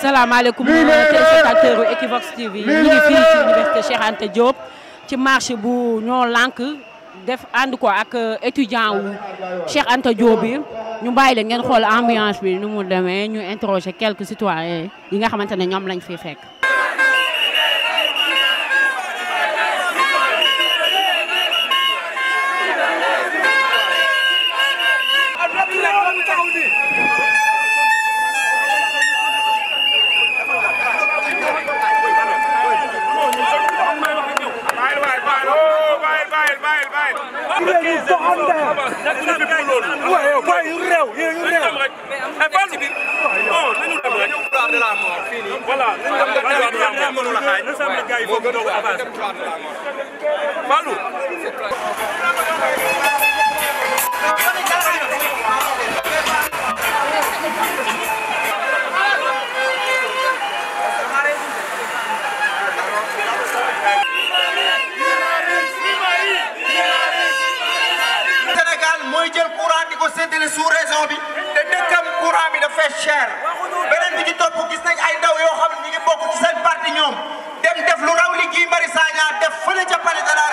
salaamaaleykum téléspectateur u Equivox TV ñu ngi fii ci université Cheikh Anta Diop ci marché bu ñoo lànk def ànd ko ak euh, étudiant wu Cheikh Anta Diop bi ñu bàyyi leen ngeen xool ambiance bi nu mu demee ñu interroger quelques citoyens yi nga xamante ne ñoom lañ fi fekk voilà nañ dem ba nawet bi yàlla mënul a xaaj nañ gars yi foofu doog a avancé Fallou mooy jël courant di ko séddale sous région bi te dëkkam courant bi dafay cher beneen bi ci topp gis nañ ay ndaw yoo xam ne ñu ngi bokk ci seen parti ñoom dem def lu raw li Guy Marius Sagna def fële ca palais de la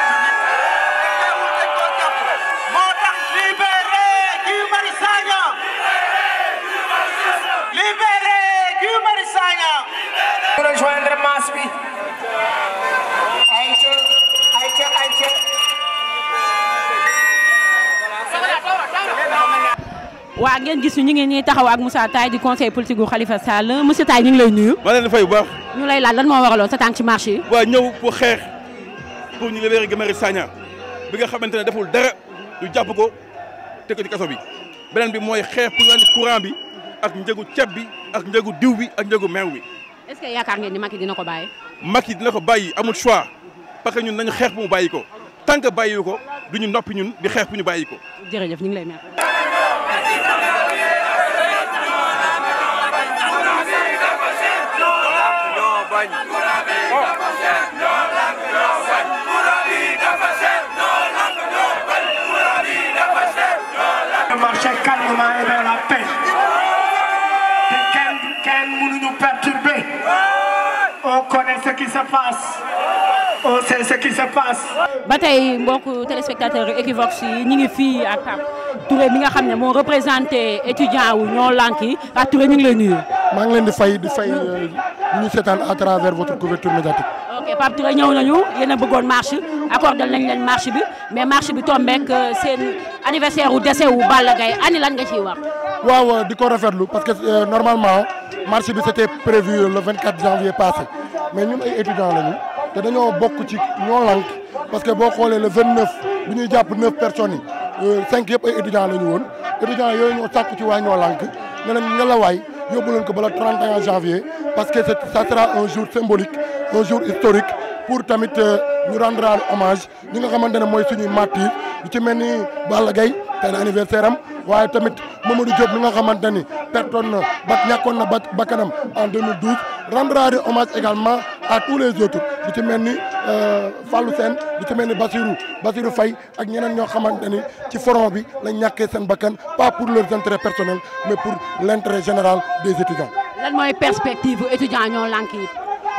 waa ngeen gis ñu ñu ngi ñuy taxaw ak Moussa Taye di conseil politique gu Khalifa Sall monsieur Taye ñu ngi lay nuyu. ma leen di fay bu baax. ñu lay laaj lan moo waraloon sa tànk ci marché yi. ñëw pour xeex pour ñu libérer Guy Marius bi nga xamante ne deful dara ñu jàpp ko te ko ci bi beneen bi mooy xeex pour wàññi courant bi ak njëgu ceeb bi ak njëgu diw bi ak njëgu meew bi. est-ce que yaakaar ngeen ni Macky dina ko bàyyi. Macky dina ko bàyyi amul choix parce que ñun nañu xeex bu mu bàyyi ko tan que bàyyi ko duñu noppi ñun di xeex bu ñu bàyyi ko. jërëjëf ñu ngi lay bañ. marché calmement et dans la paix. te kenn kenn mënuñu perturber. on connaît ce qui se passe. on sait ce qui se passe. ba tey téléspectateur Equivox yi ñu ngi fii ak Pape Touré mi nga xam ne moo représenté étudiant wu ñoo lànk yi Pape Touré ñu ngi lay maa ngi leen di fay di fay ñu euh, ñu seetaan à travers votre couverture médiatique. ok Pape Touré ñëw nañu yéen bëggoon marche accordé nañ leen marche bi mais marche bi tombeek euh, seen anniversaire wu décès wu Balla Gaye ani lan nga ciy wax. waaw di ko rafetlu parce que euh, normalement marche bi c'était prévu le 24 janvier passé mais ñun ay étudiants lañu te dañoo bokk ci ñoo lank parce que boo xoolee le vingt 29 bu ñuy jàpp 9 personnes yi 5 yëpp ay étudiants lañu woon étudiants yooyu ñoo sàkku ci waa ñoo lank la waay. yóbbu leen ko ba le 31 janvier parce que ça sera un jour symbolique un jour historique pour tamit euh, ñu rendre hommage ñi nga xamante ne mooy suñuy martyrs lu ci mel ni Balla Gaye tey anniversaire am waaye tamit moom Diop mi nga xamante ni pertoon na ba ñàkkoon na bakkanam en 2012 rendre hommage également à tous les autres bu ci mel ni euh, Fallou Sène bu ci mel ni Bassirou Bassirou fay ak ñeneen ñoo xamante ni ci forum bi lañ ñàkkee seen bakkan pas pour leurs intérêts personnels mais pour l'intérêt général des étudiants. lan mooy perspective étudiants ñoo lànk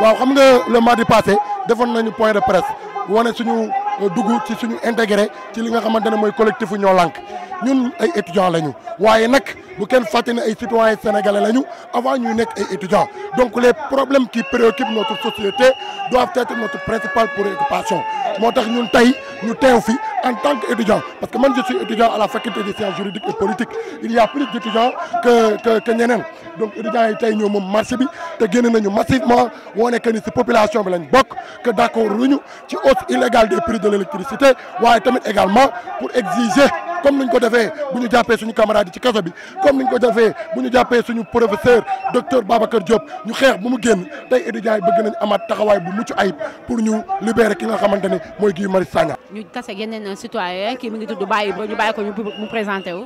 waaw xam nga le mardi passé defoon nañu point de presse wane suñu euh, dugg ci suñu intégré ci li nga xamante ne mooy collectif ñoo lànk ñun ay étudiants lañu waaye nag bu kenn fàtte ne ay citoyens sénégalais lañu avant ñuy nekk ay étudiants donc problème problèmes qui préoccupent notre société doivent être notre principale préoccupation moo tax ñun tey ñu teew fi en tant que qu'étudiant. Parce que moi, je suis à la faculté des sciences juridiques et politiques. Il y a plus d'étudiants que, que, que Nyenen. Donc, les étudiants étaient venus au marché, ils sont venus massivement, on est que cette population est bok que d'accord, nous, qui hausse illégale des prix de l'électricité, mais également pour exiger comme niñ ko defee bu ñu jàppee suñu camarade yi ci kaso bi comme ñu ko defee bu ñu jàppee suñu professeur docteur Babacar Diop ñu xeex bu mu génn tey bëgg nañ amaat taxawaay bu mucc ayib pour ñu libérer ki nga xamante ne mooy Guy Marius Sagna. ñu tase un kii mi ngi tudd bàyyi ba ñu bàyyi ko mu présenté wu.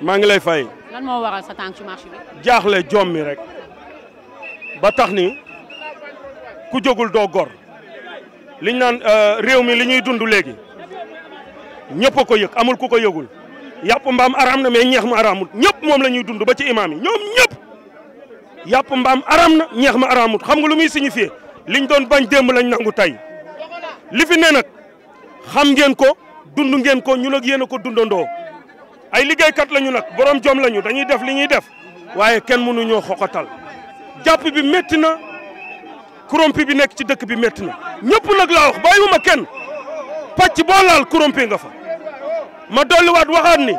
maa ngi lay fay. lan moo waral sa tànk ci marché jaaxle jom mi rek ba tax ni ku jógul doo gor liñ naan euh, réew mi li ñuy dund léegi ñëpp a ko yëg amul ku ko yëgul yàpp mbaam araam na mais ñeex mu araamut ñëpp moom la ñuy dund ba ci imaam yi ñoom ñëpp yàpp mbaam araam na ñeex ma araamut xam nga lu muy signifié liñ doon bañ démb lañ nangu tey. li fi ne nag xam ngeen ko dund ngeen ko ñun ak yéen a ko dundandoo ay liggéeykat lañu nag borom jom lañu dañuy def li ñuy def waaye kenn mënuñoo xoxatal jàpp bi métti na korompi bi nekk ci dëkk bi métti na. ñëpp nag laa wax bàyyiwuma kenn pàcc boo laal korompi nga fa ma dolliwaat waxaat ni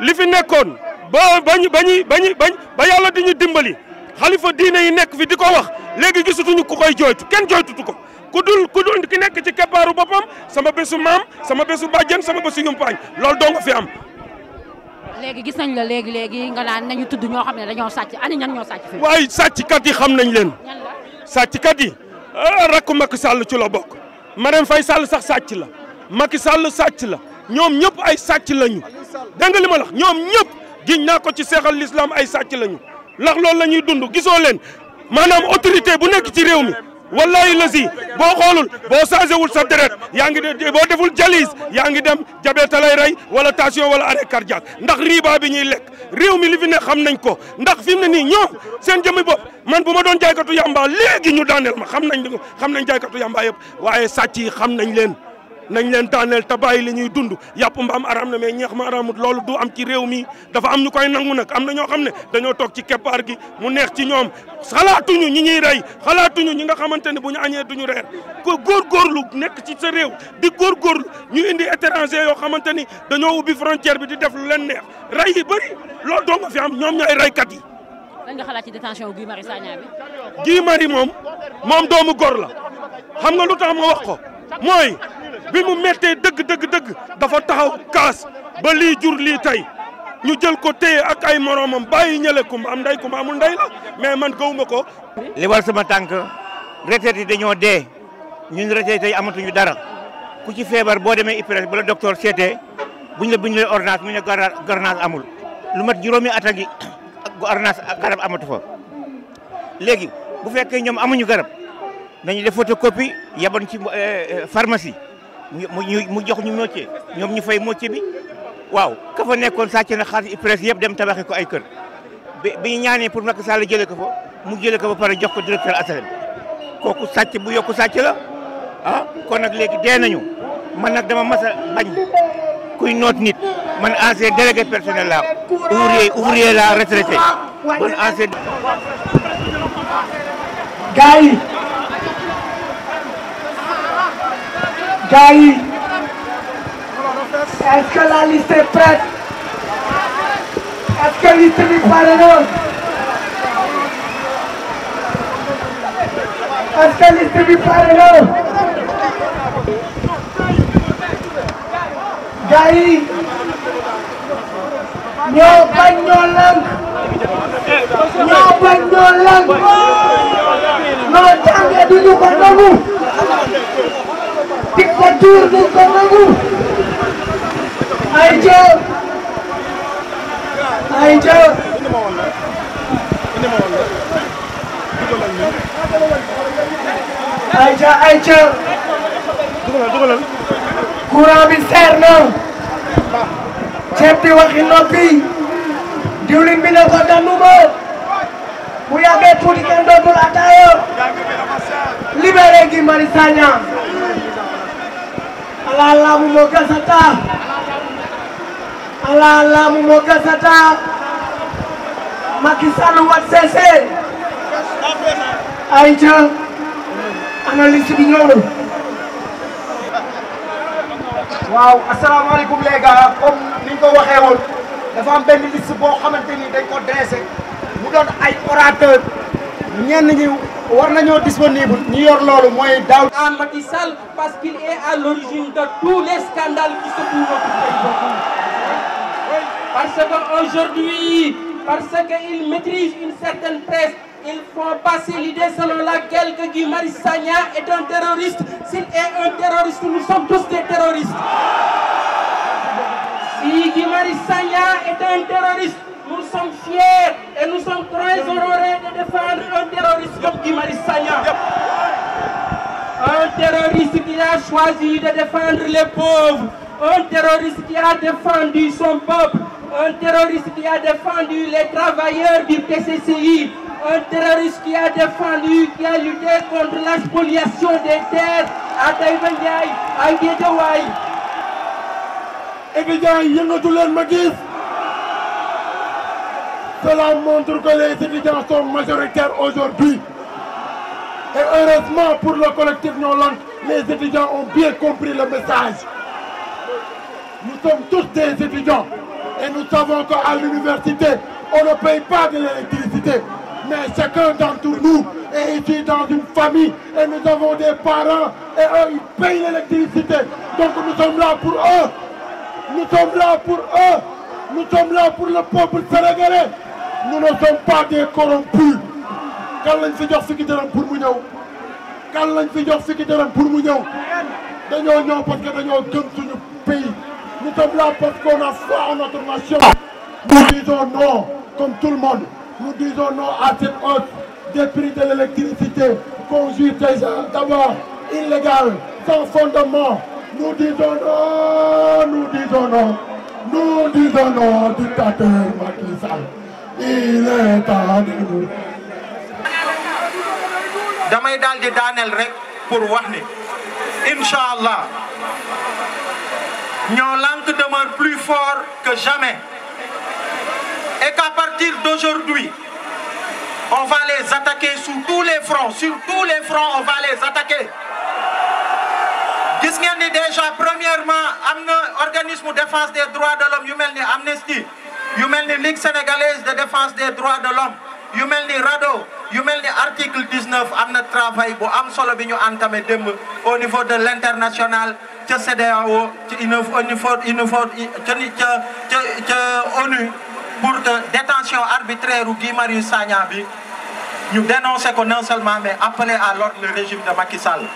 li fi nekkoon ba bañ bañ ba yàlla di ñu dimbali xalifa diine yi nekk fi di ko wax léegi gisatuñu ku koy jooytu kenn jooytutu ko. ku dul ku dul ki nekk ci keppaaru boppam sama bésu maam sama bésu bàjjen sama bésu yumpaañ loolu doo nga fi am. léegi gis nañ la léegi léegi nga naan nañu tudd ñoo xam ne dañoo sàcc ani ñan ñoo sàcc fi. waaye sàcckat yi xam nañ leen. sàcckat yi ah, rakku Macky Sall ci la bokk. Marème Faye Sall sax sàcc la Macky Sall sàcc la ñoom ñëpp ay sàcc lañu dégg li ma la ñoom ñëpp giñ naa ko ci seexal lislaam ay sàcc lañu ndax loolu la ñuy dund gisoo leen maanaam autorité bu nekk ci réew mi. wallahi lasi boo xoolul boo changé wul sa deret yaa ngi boo deful jalis yaa ngi dem diabète lay rey wala tension wala arrêt cardiaque ndax riba bi ñuy lekk réew mi li fi ne xam nañ ko ndax fi na ne nii ñoom seen jëmmi bopp man bu ma doon jaaykatu yàmbaa léegi ñu daaneel ma xam nañ xam nañ jaaykatu yàmbaa yëpp waaye sàcc yi xam nañ leen nañ leen daaneel te bàyyi li ñuy dund yàpp mbaam araam na mais ñeex ma araamut loolu du am ci réew mi dafa am ñu koy nangu nag am na ñoo xam ne dañoo toog ci keppaar gi mu neex ci ñoom xalaatuñu ñu ñuy rey xalaatuñu ñi nga xamante ne bu ñu añee duñu reer ko góorgóorlu nekk ci sa réew di góorgóorlu ñu indi étranger yoo xamante ni dañoo ubbi frontière bi di def lu leen neex rey yi bëri loolu doo nga fi am ñoom ñooy reykat yi. lan nga xalaat ci détention Guy Marius Sagna bi. Guy Marius moom moom doomu góor la xam nga lu tax ma wax ko mooy bi mu méttee dëgg dëgg dëgg dafa taxaw kaas ba lii jur lii tey ñu jël ko téye ak ay moroomam bàyyi ñële kum am ndey kum amul ndey la mais man gawuma ko. li war sama tànk retraité yi dañoo dee ñu retraité yi amatuñu dara ku ci feebar boo demee IPRES bala docteur seetee buñ la buñ la ordonnance mu ne ordonnance amul lu mat juróomi at a ngi ordonnance garab amatu fa léegi bu fekkee ñoom amuñu garab nañu def photocopie yaboon ci eh, pharmacie mu jox ñu moitié ñoom ñu fay moitié bi waaw ka fa nekkoon sàcc na xaalis presse yëpp dem tabaxi ko ay kër bi ñu ñaanee pour Macky Sall jëlee ko fa mu jëlee ko ba pare jox ko directeur ASALEM ku sàcc bu yokku sàcc la ah kon nag léegi dee nañu man nag dama mas a bañ kuy noot nit man ancien délégué personnel la ouvrier ouvrier laa retraité man gars yi la liste est prête est bi pare na est-ce que ñoo bañ ñoo lënk ñoo bañ ñoo lënk loo jàngee duñu ko nangu retour dañ ko nangu ay jo ay jo ay jo na ceeb bi waxi na ko danu ma bu yàggee tuuti kenn dootul ataaya libéré gi Mari ala laamu moo gasata ala laamu moo gasata Macky Sall wat seesee ay ca analyse waaw asalaamaaleykum les gars comme ni ñu ko waxee woon dafa am benn liste dañ ko dressé mu doon ay orateur ñenn ñi war nañoo disponible ñu yor loolu mooy daaw à Macky Sall qu'il est à l'origine de tous les scandales qui secouent notre pays parce que aujourd'hui parce qu'il maîtrise une certaine presse ils font passer l'idée selon laquelle que Guy Marius Sagna un terroriste s'il est un terroriste nous sommes tous des terroriste sommes fiers et nous sommes très honorés de défendre un terroriste comme Guy Marius Un terroriste qui a choisi de défendre les pauvres, un terroriste qui a défendu son peuple, un terroriste qui a défendu les travailleurs du PCCI, un terroriste qui a lutté contre la spoliation des terres à Taïba Ndiaye, à Cela montre que les étudiants sont majoritaires aujourd'hui. Et heureusement pour le collectif Nyolank, les étudiants ont bien compris le message. Nous sommes tous des étudiants et nous savons qu'à l'université, on ne paye pas de l'électricité. Mais chacun d'entre nous est ici dans une famille et nous avons des parents et eux, ils payent l'électricité. Donc nous sommes là pour eux. Nous sommes là pour eux. Nous sommes là pour le peuple sénégalais. nous ne sommes pas des corrompus kan lañ fi jox fukki dërëm pour mu ñëw kan lañ fi jox fukki dërëm pour mu ñëw dañoo ñëw parce que dañoo gëm suñu pays nous sommes là parce qu'on a foi en notre nation nous disons non comme tout le monde nous disons non à cette hausse des prix de l'électricité qu'on juge déjà sans fondement nous disons non nous disons non nous disons non dictateur Macky إلى تعلم damay daal di daaneel rek pour wax ni incha allah ñoo lank demeure plus fort que jamais et qu'à partir d'aujourd'hui on va les attaquer sous tous les fronts sur tous les fronts on va les attaquer gis ngeen déjà premièrement am na organisme défense des droits de l'homme yu mel ni Amnesty yu mel ni ligue sénégalaise de défense des droits de l'homme yu mel ni RADDHO yu mel ni article 19 am na travail bu am solo bi ñu entamé démb au niveau de l'international ca CEDEAO ca UNIFOR ca ca ca ONU pour que détention arbitraire u Guy Marius Sagna bi ñu dénoncé ko non seulement mais appelé à l'ordre le régime de Macky Sall.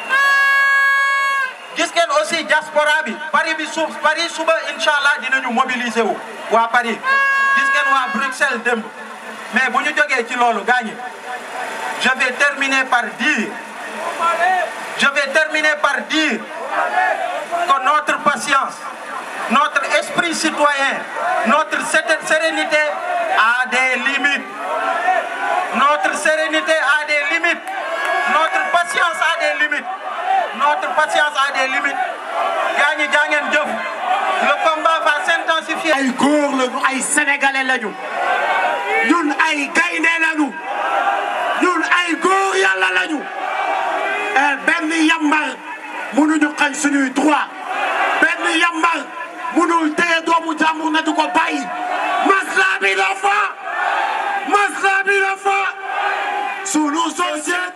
ngeen aussi diaspora bi Paris suba incha allah dinañu mobiliser wu. waa Paris gis ngeen waa Bruxelles démb mais bu ñu jogee ci loolu gaañi je vais terminer par dire je vais terminer par dire que nootre patience nootre esprit citoyen notre sérénité a des limites notre sérénité a des limites notre patience a des limites notre patience a des limites gaañi jaa ngeen jëf le combat intensifier. ay góor lañu ay sénégalais lañu ñun ay gaynde lañu ñun ay góor yàlla lañu eh, benn yambar mënuñu xañ suñuy droit benn yambar mënul téye doomu jàmbur na di ko bàyyi masla bi la fa masla bi la su sunu société